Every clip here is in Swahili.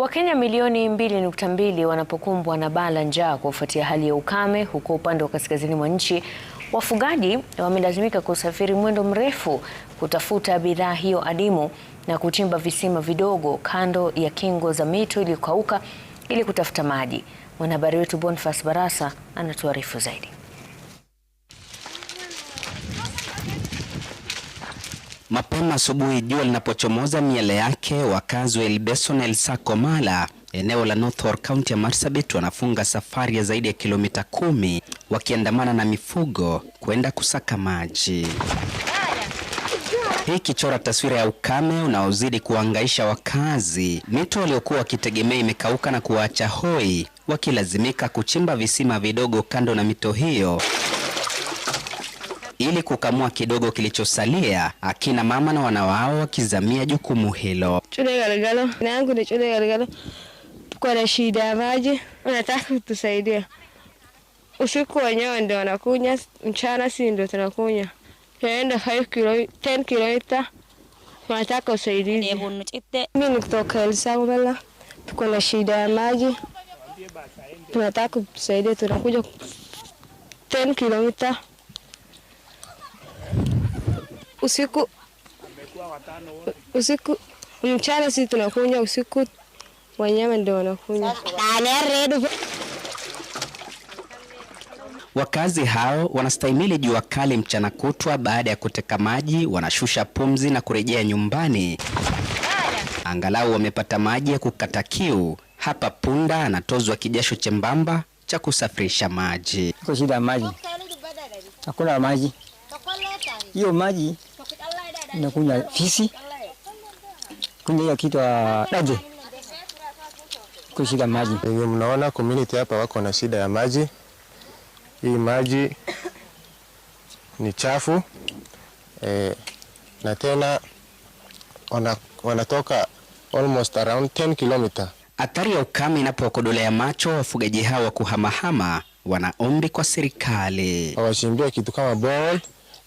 Wakenya milioni mbili nukta mbili wanapokumbwa na baa la njaa kufuatia hali ya ukame huko upande wa kaskazini mwa nchi, wafugaji wamelazimika kusafiri mwendo mrefu kutafuta bidhaa hiyo adimu na kuchimba visima vidogo kando ya kingo za mito iliyokauka ili kutafuta maji. Mwanahabari wetu Boniface Barasa anatuarifu zaidi. Mapema asubuhi, jua linapochomoza miale yake, wakazi wa Elbeso na mala eneo la Northward County ya Marsabit wanafunga safari ya zaidi ya kilomita kumi wakiandamana na mifugo kwenda kusaka maji. Hii kichora taswira ya ukame unaozidi kuangaisha wakazi. Mito waliokuwa wakitegemea imekauka na kuwaacha hoi wakilazimika kuchimba visima vidogo kando na mito hiyo ili kukamua kidogo kilichosalia, akina mama na wanawao wakizamia jukumu hilo. Chule Galgalo ni Chule Galgalo, tuko na shida ya maji, unataka kutusaidia? Usiku wenyewe ndio wanakunya, mchana si ndio tunakunya, tunaenda 5 kilo 10 kilomita, Mimi ni kutoka tuko na shida ya maji, tunataka kutusaidia, tunakuja 10 kilomita usiku usiku mchana, sisi tunakunywa, usiku wanyama ndio wanakunywa. Wakazi hao wanastahimili jua kali mchana kutwa. Baada ya kuteka maji, wanashusha pumzi na kurejea nyumbani, angalau wamepata maji ya kukata kiu. Hapa punda anatozwa kijasho chembamba cha kusafirisha maji. Shida maji, hakuna maji, hiyo maji nakunya fisi, kumbe hiyo kitu daje ah, kushika maji. Hiyo mnaona community hapa wako na shida ya maji. Hii maji ni chafu e, na tena wana, wanatoka almost around 10 km. Athari ya ukame inapokodolea macho, wafugaji hawa wa kuhamahama wanaombi kwa serikali wawashimbie kitu kama borehole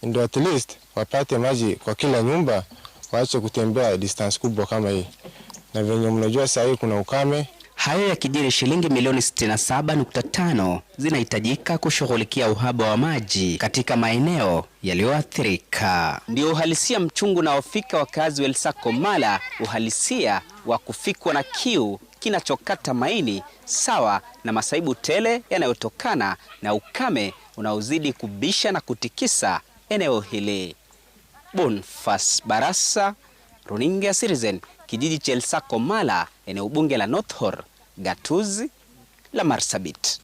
ndio at least wapate maji kwa kila nyumba, waache kutembea distance kubwa kama hii, na venye mnajua saa hii kuna ukame. Hayo kijiri shilingi milioni 67.5 zinahitajika kushughulikia uhaba wa maji katika maeneo yaliyoathirika. Ndio uhalisia mchungu unaofika wakazi wa mala uhalisia wa kufikwa na kiu kinachokata maini, sawa na masaibu tele yanayotokana na ukame unaozidi kubisha na kutikisa eneo hili. Bonfas Barasa, runinga ya Citizen, kijiji cha Elsako Mala, eneo bunge la North gatuzi la Marsabit.